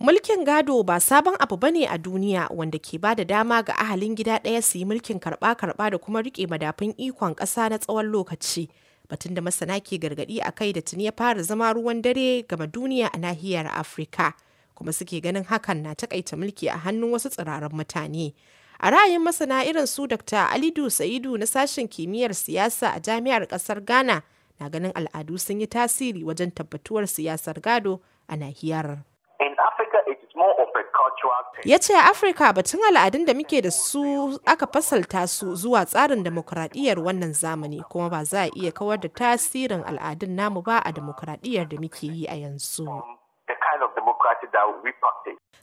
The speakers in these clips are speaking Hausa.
Mulkin gado ba sabon abu ba ne a duniya wanda ke ba da dama ga ahalin gida ɗaya su yi mulkin karɓa-karɓa da kuma riƙe madafun ikon ƙasa na tsawon lokaci. Batun da masana ke gargaɗi a kai da tuni ya fara zama ruwan dare gama duniya a nahiyar Afirka, kuma suke ganin hakan na taƙaita mulki a hannun wasu tsirarin mutane. A ra'ayin masana irin su Dr. Alidu Sa'idu na sashen kimiyyar siyasa a jami'ar ƙasar Ghana na ganin al'adu sun yi tasiri wajen tabbatuwar siyasar gado a nahiyar. Ya ce a Afirka batun al'adun da muke da su aka fasalta su zuwa tsarin demokuraɗiyyar wannan zamani kuma ba za a iya kawar da tasirin al'adun namu ba a demokuraɗiyyar da muke yi a yanzu. Um,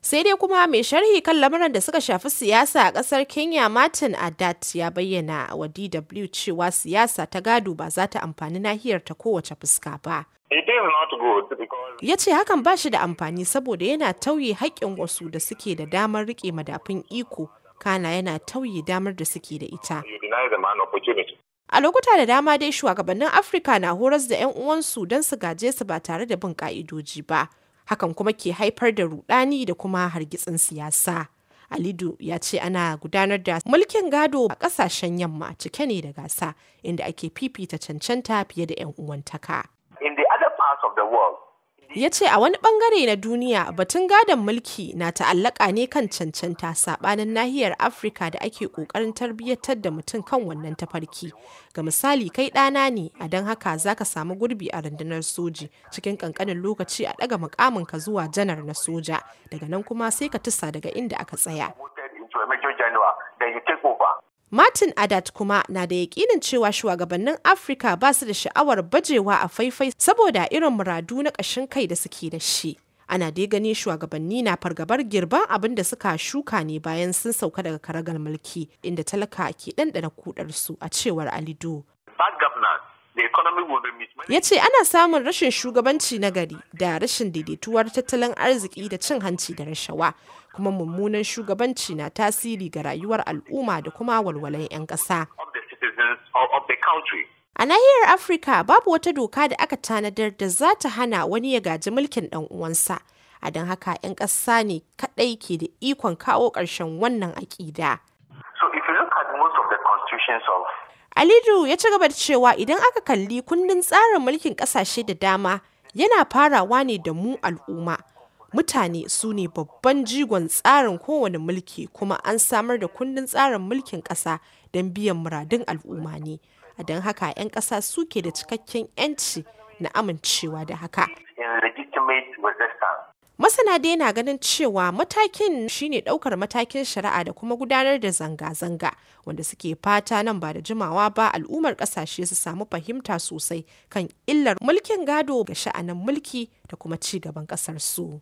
Sai dai kuma mai sharhi kan lamuran da suka shafi siyasa a kasar Kenya Martin Adat ya bayyana wa DW cewa siyasa ta gado ba za ta amfani nahiyar ta kowace fuska ba. Ya ce hakan ba shi da amfani saboda yana tauye haƙƙin wasu da suke da damar riƙe madafun iko, kana yana tauye damar da suke da ita. A lokuta da dama dai shugabannin Afirka na horas da 'yan uwansu don su gaje su ba tare da bin ƙa'idoji ba, hakan kuma ke haifar da rudani da kuma hargitsin siyasa. Alidu ya ce ana gudanar da mulkin gado a ƙasashen yamma cike ne da gasa inda ake fifita cancanta fiye da 'yan uwantaka. Ya ce a wani bangare na duniya batun gadon mulki na ta'allaka ne kan cancanta sabanin nahiyar Afirka da ake kokarin tarbiyyatar da mutum kan wannan tafarki. Ga misali kai ɗana ne a don haka za ka samu gurbi a rundunar soji cikin kankanin lokaci a ɗaga ka zuwa janar na soja daga nan kuma sai ka tusa daga inda aka tsaya. Martin Adat kuma na da yakinin cewa shugabannin Afrika ba su da sha'awar bajewa a faifai saboda irin muradu na ƙashin kai da suke da shi. Ana dai gani shugabanni na fargabar girban abin da suka shuka ne bayan sun sauka daga karagar mulki inda talaka ke ɗanɗana kudarsu a cewar Alido. ya ce ana samun rashin shugabanci na gari da rashin daidaituwar tattalin arziki da cin hanci da rashawa kuma mummunan shugabanci na tasiri ga rayuwar al'umma da kuma walwalan 'yan ƙasa. A nahiyar Afirka babu wata doka da aka tanadar da za ta hana wani ya gaji mulkin ɗan uwansa. A don haka 'yan ƙasa ne kaɗai ke da ikon kawo ƙarshen wannan aƙida. Alidu ya ci gaba da cewa idan aka kalli kundin tsarin mulkin ƙasashe da dama yana farawa ne da mu al'umma. Mutane su ne babban jigon tsarin kowane mulki kuma an samar da kundin tsarin mulkin ƙasa don biyan muradun al'umma ne. Don haka 'yan ƙasa suke da cikakken 'yanci na amincewa da haka. Masana dai na ganin cewa matakin shine ɗaukar matakin shari'a da kuma gudanar da zanga-zanga wanda suke fata nan ba da jimawa ba al'ummar ƙasashe su samu fahimta sosai kan illar mulkin gado ga sha'anin mulki da kuma ci gaban ƙasarsu.